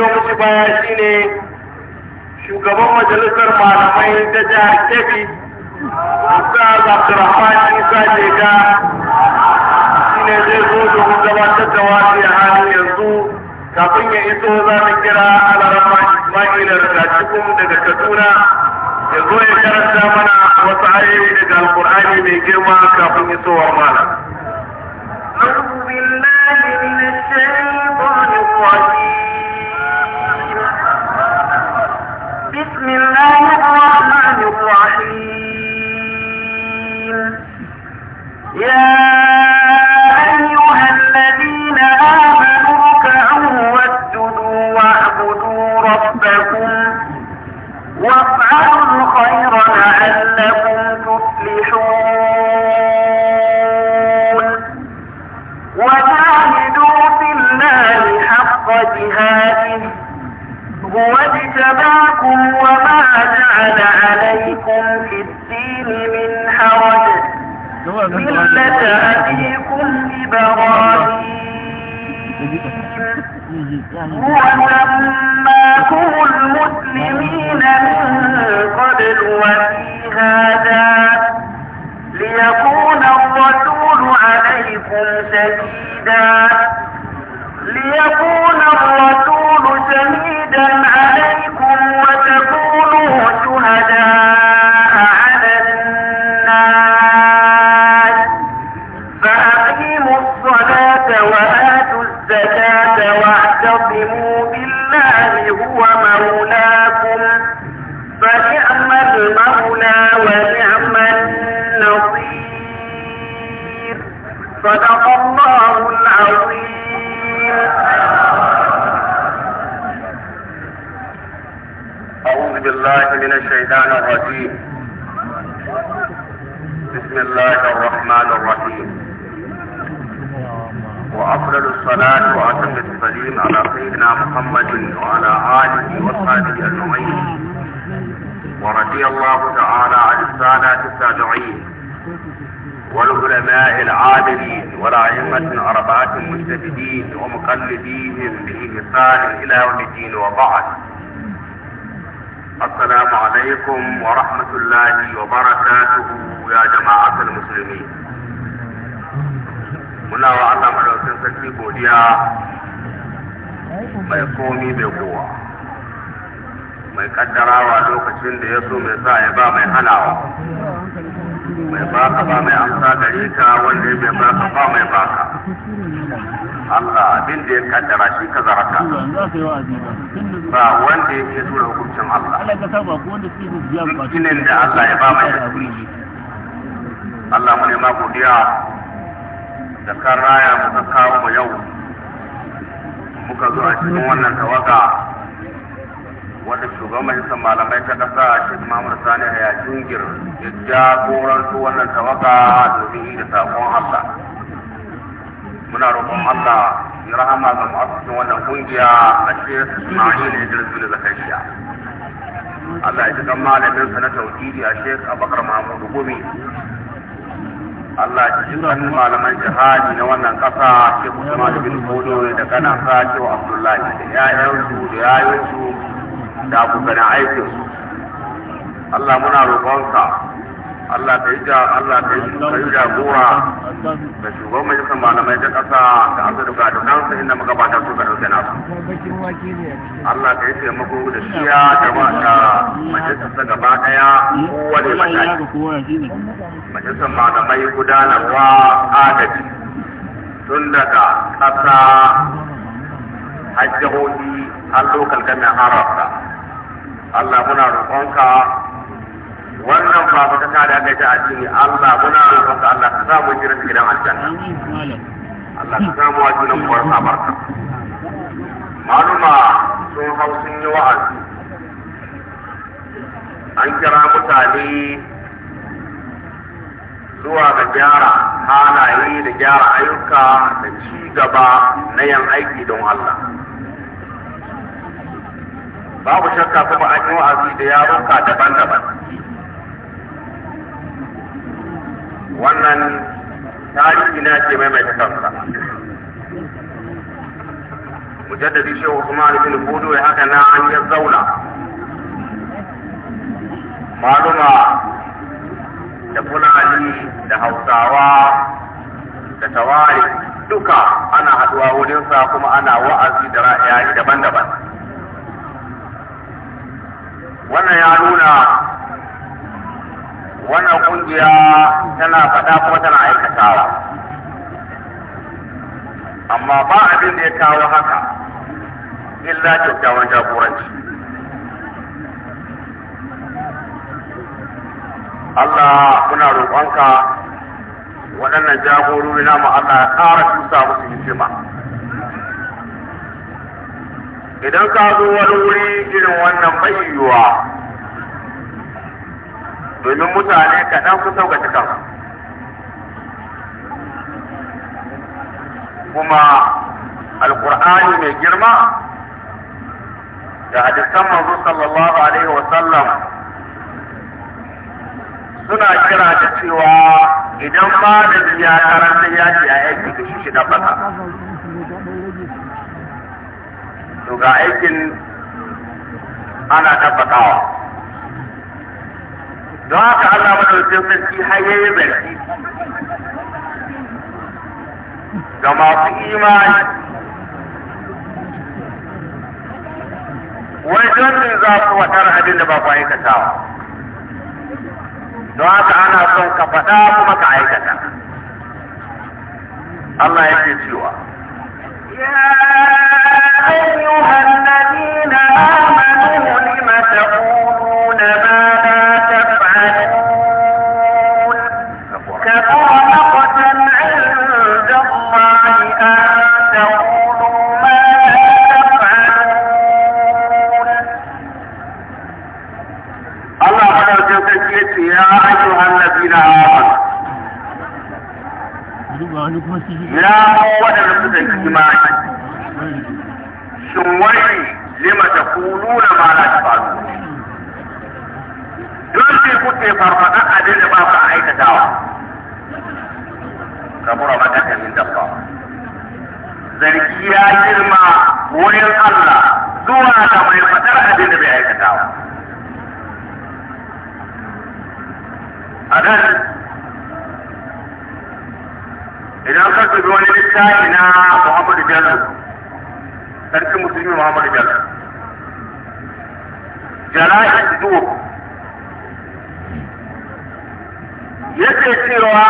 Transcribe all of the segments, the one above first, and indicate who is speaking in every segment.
Speaker 1: lokaci baya shi ne
Speaker 2: shugaban majalisar malamai ta jihar kebbi ustaz abdurrahman isa jega ne zai zo domin gabatar
Speaker 1: da wasu a hali yanzu kafin ya iso za mu kira alarama ismail rigacikun daga kaduna ya zo ya karanta mana wasu ayoyi daga alkur'ani mai girma kafin isowar malam وجاهدوا في الله حق جهاده هو اجتباكم وما جعل عليكم في الدين من حرج ملة أبيكم إبراهيم
Speaker 2: هو سمى سلكوا المسلمين من قبل وفي
Speaker 1: هذا ليكون الرسول عليكم شهيدا ليكون ونعم النصير
Speaker 2: صدق الله العظيم
Speaker 1: أعوذ بالله من الشيطان الرجيم
Speaker 2: بسم الله الرحمن الرحيم وأفضل الصلاة وأتم التسليم على سيدنا محمد وعلى آله وصحبه أجمعين ورضي الله تعالى عن
Speaker 1: السادة السابعين والعلماء العاملين والأئمة الأربعة المجتهدين ومقلديهم بإحسان إلى يوم الدين وبعد السلام عليكم ورحمة الله وبركاته يا جماعة المسلمين من wa Allah madaukin sarki godiya mai بقوة mai kaddarawa lokacin da ya so mai sa ya ba mai hanawa mai baka ba mai amsa gare ka wanda ya mai baka ba mai baka
Speaker 2: Allah abin da ya kaddara shi ka zaraka ba wanda ya ke tura hukuncin Allah dukkanin da Allah ya ba mai tasiri
Speaker 1: Allah mu nema godiya da kan raya mu ka kawo mu yau muka zo a cikin wannan tawaga wanda shugaban majalisar malamai ta kasa shi mamur sani ya ja ya su wannan tawaka domin da sakon allah muna roƙon allah ya rahama ga masu wannan kungiya a ce ma'ani ne da su da zakariya allah ya ji kan malamin sa na tauhidi a shek abakar mahmudu gumi Allah ji kan malaman jihadi na wannan kasa ke kusa malamin bin kodo da kana sa cewa Abdullahi da yayansu da su da kuka da aikin Allah muna roƙonka Allah ka yi ja Allah ka yi jagora da shugaban majalisar malamai ta ƙasa da an zai da kansa inda muka ba ta suka ɗauke nasu. Allah ka yi taimako da shiya da majalisar ta gaba ɗaya kowane mataki. Majalisar malamai gudanarwa adadi tun daga ƙasa hajjahohi har lokal gamin harafta. Allah muna roƙonka wannan fafutuka da aka yi ta addini Allah muna roƙonka Allah ka samu jirin gidan aljanna Allah ka samu wa junan kuwar samarka maluma sun hau sun yi wa'azi an kira mutane zuwa ga gyara halaye da gyara ayyuka da ci gaba na yan aiki don Allah
Speaker 2: babu shakka kuma an yi wa'azi da yaruka daban-daban wannan tarihi na ke maimaita kansa mujaddadi shehu Usman ibn Hudu ya haka na an ya zauna maluma
Speaker 1: da Fulani da Hausawa da Tawari duka ana haduwa wurinsa kuma ana wa'azi da ra'ayi daban-daban wannan ya nuna wannan kungiya tana faɗa kuma tana aikatawa amma ba abin da ya kawo haka illa kyakkyawan jagoranci
Speaker 2: Allah muna roƙonka waɗannan jagorori namu Allah ya ƙara tusa
Speaker 1: musu hikima idan ka zo wani wuri irin wannan bai yiwuwa
Speaker 2: domin mutane kaɗan
Speaker 1: su sauƙaci cikin. kuma alƙur'ani mai girma da hadisan manzo sallallahu alaihi wa sallam
Speaker 2: suna kira da cewa idan malami ya karanta ya ce a yanki da shi shi na to ga aikin ana tabbatawa don haka Allah madaukakin sarki har yayi zargi ga masu imani wai don za su watar abin da ba ku aikatawa
Speaker 1: don haka ana son ka faɗa kuma ka aikata Allah yake cewa ya الذين آمنوا
Speaker 2: kuke farfaɗan abin da ba ku aikatawa
Speaker 1: kabura magata min
Speaker 2: dabba zargi ya girma wurin Allah zuwa da mai faɗar abin da bai
Speaker 1: aikatawa a nan idan ka dubi wani littafi na Muhammadu Bello sarkin musulmi Muhammadu Bello jala'in duk yake cewa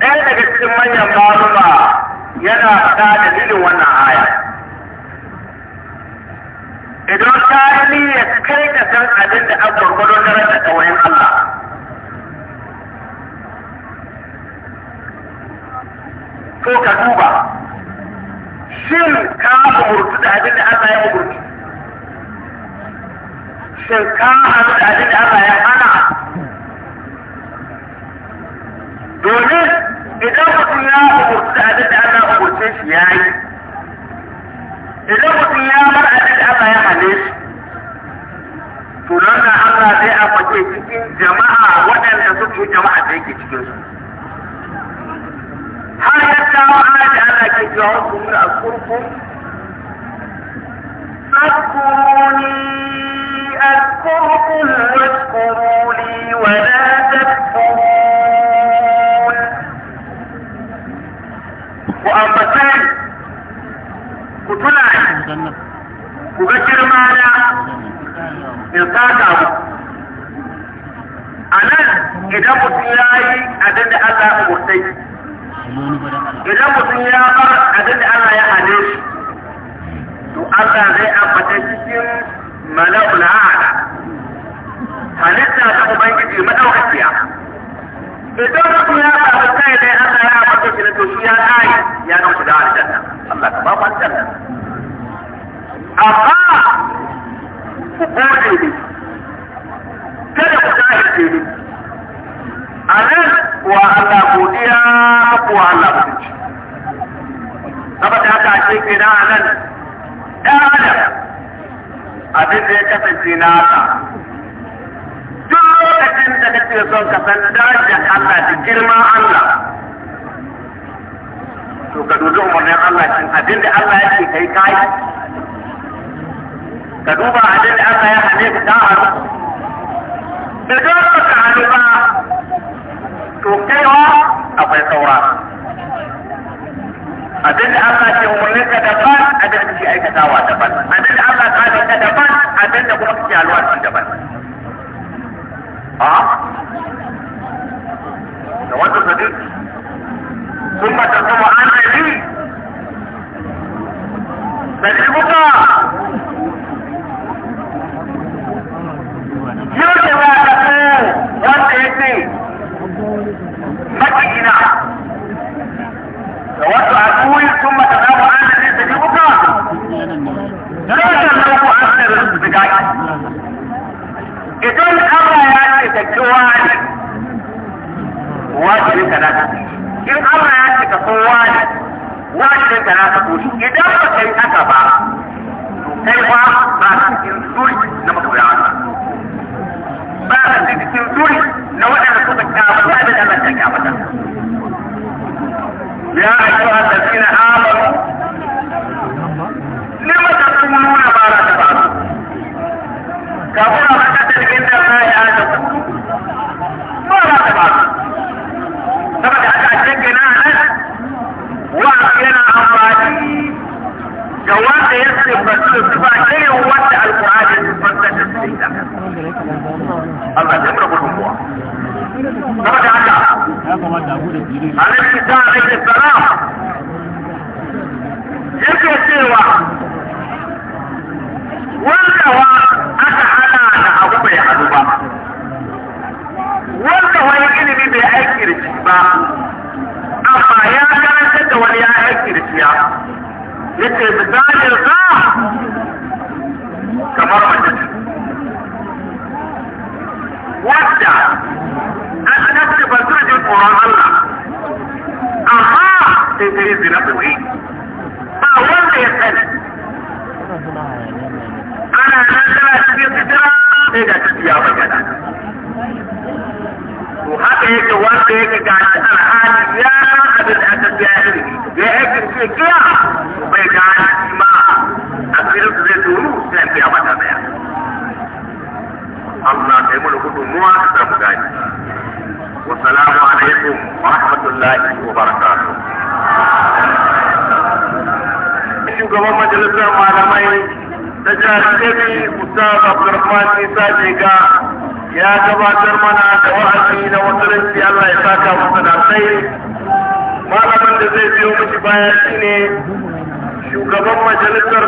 Speaker 1: ɗaya daga cikin
Speaker 2: manyan maluma yana da dalilin wannan aya idan ka ya kai ka san abin da aka gwargwadon da ɗawayin Allah to ka duba shin ka umurtu da
Speaker 1: abin da Allah ya umurtu shin ka hannu da abin da Allah ya hana domin idan mutum ya umurci abin da Allah umurce shi ya yi idan mutum ya bar abin da Allah ya hane shi to nan da Allah zai ambace cikin jama'a waɗanda suke jama'a da yake cikin su
Speaker 2: har ya kawo da Allah ke jawo su ne kurkun
Speaker 1: فاذكروني أذكركم واشكروا لي ولا
Speaker 2: ku ambace ku tuna ku ga girma na in saka ku
Speaker 1: a nan idan mutum ya yi abin da Allah ya umurtai
Speaker 2: idan mutum ya bar abin da Allah ya hane shi to Allah zai ambata cikin mala'ul a'la halitta ta ubangiji madaukakiya idan
Speaker 1: mutum ya samu kai dai Allah ya ambata shi to shi ya kai iyanan ku da aljanna Allah ka ba ku aljanna amma ku gode
Speaker 2: ne kada ku jahilce ne a nan wa Allah godiya ku wa Allah mutunci a ce kenan a nan
Speaker 1: ɗan adam
Speaker 2: abin da ya kasance na haka
Speaker 1: duk lokacin da kake son ka san darajar Allah da girman Allah
Speaker 2: to ka dubi umarnin Allah shin abin da Allah ya ce kai kai ka duba abin da Allah ya hane ka da haru da don ka hannu ba to kaiwa akwai saura abin da Allah ke umarnin ka daban abin da ke aikatawa daban abin da Allah ka ka daban abin da kuma kake halwa daban a ah? da wanda sadiki sun ba ta kuma an ne bi
Speaker 1: da shi t h e
Speaker 2: ¿Vale? na boye ba wanda ya sani ana nan tana cikin fitira sai ga ciki ya magana to haka yake wanda yake ya abin da
Speaker 1: aka biya ilimi ya yake ce kiya
Speaker 2: bai gane ma
Speaker 1: a cikin su zai turu sai biya mata daya Allah kai mu da gudunmuwa da mu gani والسلام عليكم ورحمة الله وبركاته
Speaker 2: shugaban majalisar malamai ta jihar kebbi musa abdulrahman jega ya gabatar mana da wa'azi na musulunci allah ya saka musu sai
Speaker 1: malamin da zai biyo miki baya shine shugaban majalisar